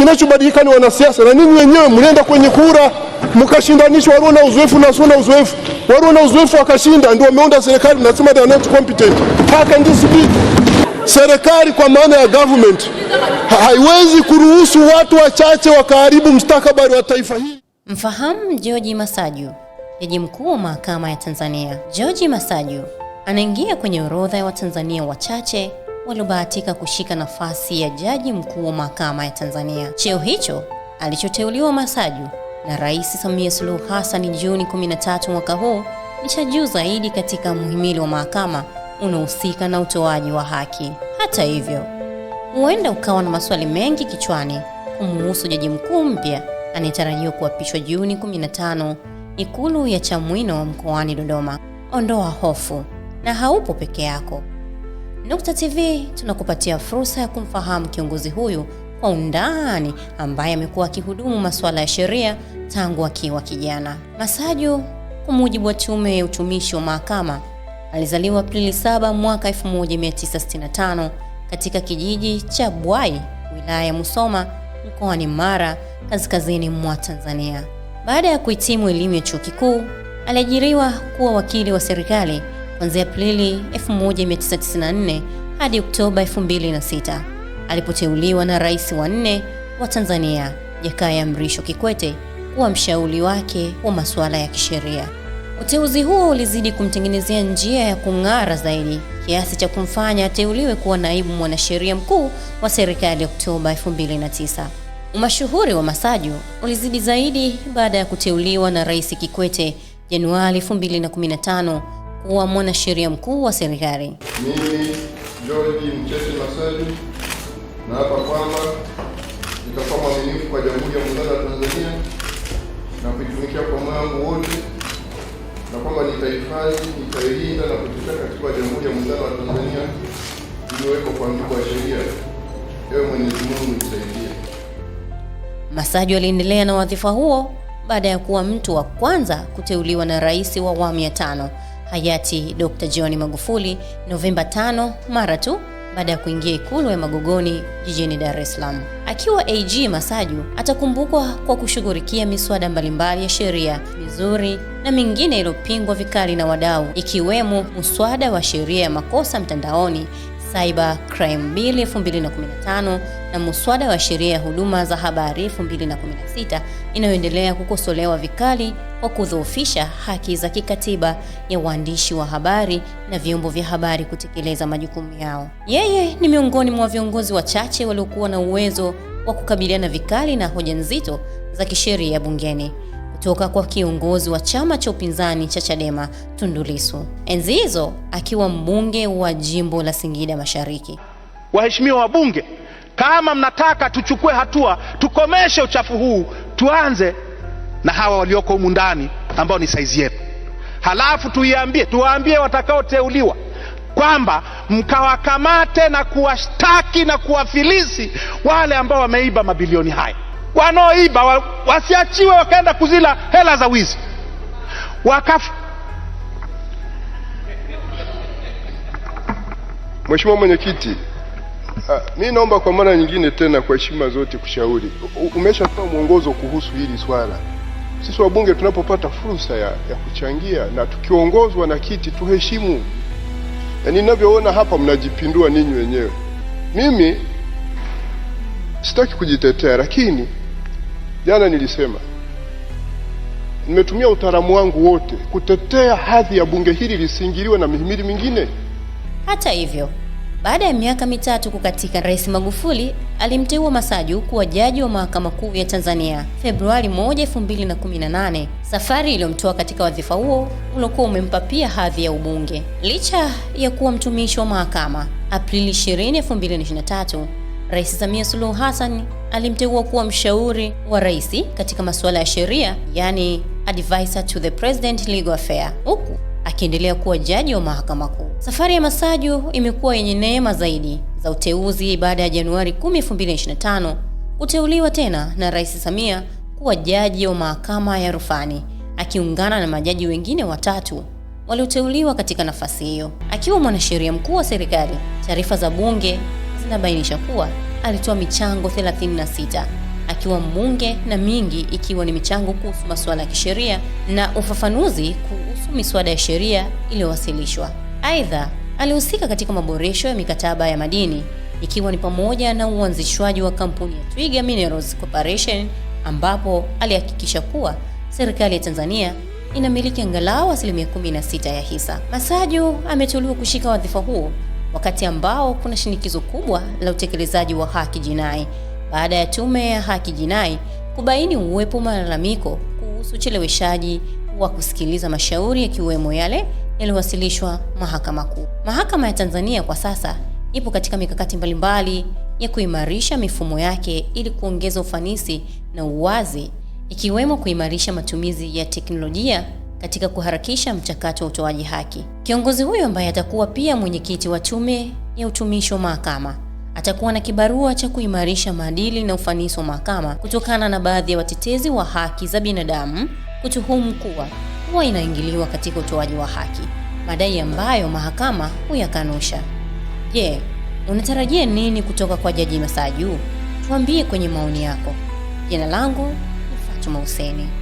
Kinachobadilika ni wanasiasa, na ninyi wenyewe mlienda kwenye kura mkashindanishwa, walio na uzoefu na wasio na uzoefu. Walio na uzoefu wakashinda, ndio wameunda serikali, mnasema they are not competent. How can Serikali kwa maana ya government haiwezi kuruhusu watu wachache wakaharibu mstakabali wa taifa hili. Mfahamu George Masaju, jaji mkuu wa mahakama ya Tanzania. George Masaju anaingia kwenye orodha ya Watanzania wachache waliobahatika kushika nafasi ya jaji mkuu wa mahakama ya Tanzania. Cheo hicho alichoteuliwa Masaju na Rais Samia Suluhu Hassan Juni 13 mwaka huu ni cha juu zaidi katika muhimili wa mahakama unaohusika na utoaji wa haki. Hata hivyo, huenda ukawa na maswali mengi kichwani kumuhusu jaji mkuu mpya anayetarajiwa kuapishwa Juni 15 Ikulu ya Chamwino mkoani Dodoma. Ondoa hofu, na haupo peke yako. Nukta TV tunakupatia fursa ya kumfahamu kiongozi huyu kwa undani, ambaye amekuwa akihudumu masuala ya sheria tangu akiwa kijana. Masaju, kwa mujibu wa Tume ya Utumishi wa Mahakama, alizaliwa Aprili 7 mwaka 1965 katika kijiji cha Bwai, wilaya ya Musoma, mkoani Mara, kaskazini mwa Tanzania. Baada ya kuhitimu elimu ya chuo kikuu, aliajiriwa kuwa wakili wa serikali kuanzia Aprili 1994 hadi Oktoba 2006 alipoteuliwa na rais wa nne wa Tanzania Jakaya Mrisho Kikwete kuwa mshauri wake wa masuala ya kisheria. Uteuzi huo ulizidi kumtengenezea njia ya kung'ara zaidi kiasi cha kumfanya ateuliwe kuwa naibu mwanasheria mkuu wa serikali Oktoba 2009. Umashuhuri wa Masaju ulizidi zaidi baada ya kuteuliwa na Rais Kikwete Januari 2015 kuwa mwanasheria mkuu wa serikali. Mimi George Mchese Masaju naapa kwamba nitakuwa mwaminifu kwa Jamhuri ya Muungano wa Tanzania na kuitumikia kwa moyo wangu wote, na kwamba nitahifadhi, nitailinda na kutetea Katiba ya Jamhuri ya Muungano wa Tanzania iliyowekwa kwa mujibu wa sheria. Ewe Mwenyezi Mungu nisaidie. Masaju aliendelea na wadhifa huo baada ya kuwa mtu wa kwanza kuteuliwa na rais wa awamu ya tano hayati Dr. John Magufuli Novemba 5 mara tu baada ya kuingia ikulu ya Magogoni jijini Dar es Salaam. Akiwa AG Masaju atakumbukwa kwa kushughulikia miswada mbalimbali ya sheria mizuri na mingine iliyopingwa vikali na wadau, ikiwemo muswada wa sheria ya makosa mtandaoni Cyber Crime Bill 2015 na muswada wa sheria ya huduma za habari 2016 inayoendelea kukosolewa vikali kwa kudhoofisha haki za kikatiba ya waandishi wa habari na vyombo vya habari kutekeleza majukumu yao. Yeye ni miongoni mwa viongozi wachache waliokuwa na uwezo wa kukabiliana vikali na hoja nzito za kisheria bungeni toka kwa kiongozi wa chama cha upinzani cha Chadema Tundu Lissu, enzi hizo akiwa mbunge wa jimbo la Singida Mashariki. Waheshimiwa wabunge, kama mnataka tuchukue hatua, tukomeshe uchafu huu, tuanze na hawa walioko humu ndani ambao ni saizi yetu, halafu tuiambie, tuwaambie watakaoteuliwa kwamba mkawakamate na kuwashtaki na kuwafilisi wale ambao wameiba mabilioni haya wanaoiba wa, wasiachiwe wakaenda kuzila hela za wizi wakaf. Mheshimiwa Mwenyekiti, ah, mi naomba kwa mara nyingine tena kwa heshima zote kushauri, umeshatoa mwongozo kuhusu hili swala. Sisi wabunge tunapopata fursa ya, ya kuchangia na tukiongozwa na kiti tuheshimu. Yaani ninavyoona hapa mnajipindua ninyi wenyewe. Mimi sitaki kujitetea lakini Jana nilisema nimetumia utaalamu wangu wote kutetea hadhi ya bunge hili lisingiliwe na mihimili mingine. Hata hivyo, baada ya miaka mitatu kukatika, Rais Magufuli alimteua Masaju kuwa jaji wa Mahakama Kuu ya Tanzania Februari 1, 2018, safari iliyomtoa katika wadhifa huo uliokuwa umempa pia hadhi ya ubunge licha ya kuwa mtumishi wa mahakama. Aprili 20, 2023 Rais Samia Suluhu Hassan alimteua kuwa mshauri wa rais katika masuala ya sheria, yani advisor to the president legal affair, huku akiendelea kuwa jaji wa mahakama kuu. Safari ya Masaju imekuwa yenye neema zaidi za uteuzi baada ya Januari 10, 2025 kuteuliwa tena na Rais Samia kuwa jaji wa mahakama ya rufani akiungana na majaji wengine watatu walioteuliwa katika nafasi hiyo. Akiwa mwanasheria mkuu wa serikali, taarifa za bunge inabainisha kuwa alitoa michango 36 akiwa mbunge na mingi ikiwa ni michango kuhusu masuala ya kisheria na ufafanuzi kuhusu miswada ya sheria iliyowasilishwa. Aidha, alihusika katika maboresho ya mikataba ya madini ikiwa ni pamoja na uanzishwaji wa kampuni ya Twiga Minerals Corporation ambapo alihakikisha kuwa serikali ya Tanzania inamiliki angalau asilimia 16 ya hisa. Masaju ameteuliwa kushika wadhifa huo wakati ambao kuna shinikizo kubwa la utekelezaji wa haki jinai baada ya Tume ya Haki Jinai kubaini uwepo malalamiko kuhusu ucheleweshaji wa kusikiliza mashauri yakiwemo yale yaliyowasilishwa Mahakama Kuu. Mahakama ya Tanzania kwa sasa ipo katika mikakati mbalimbali ya kuimarisha mifumo yake ili kuongeza ufanisi na uwazi, ikiwemo kuimarisha matumizi ya teknolojia katika kuharakisha mchakato wa utoaji haki. Kiongozi huyo ambaye atakuwa pia mwenyekiti wa Tume ya Utumishi wa Mahakama atakuwa na kibarua cha kuimarisha maadili na ufanisi wa mahakama kutokana na baadhi ya watetezi wa haki za binadamu kutuhumu kuwa huwa inaingiliwa katika utoaji wa haki, madai ambayo mahakama huyakanusha. Je, unatarajia nini kutoka kwa Jaji Masaju? Tuambie kwenye maoni yako. Jina langu ni Fatuma Huseni.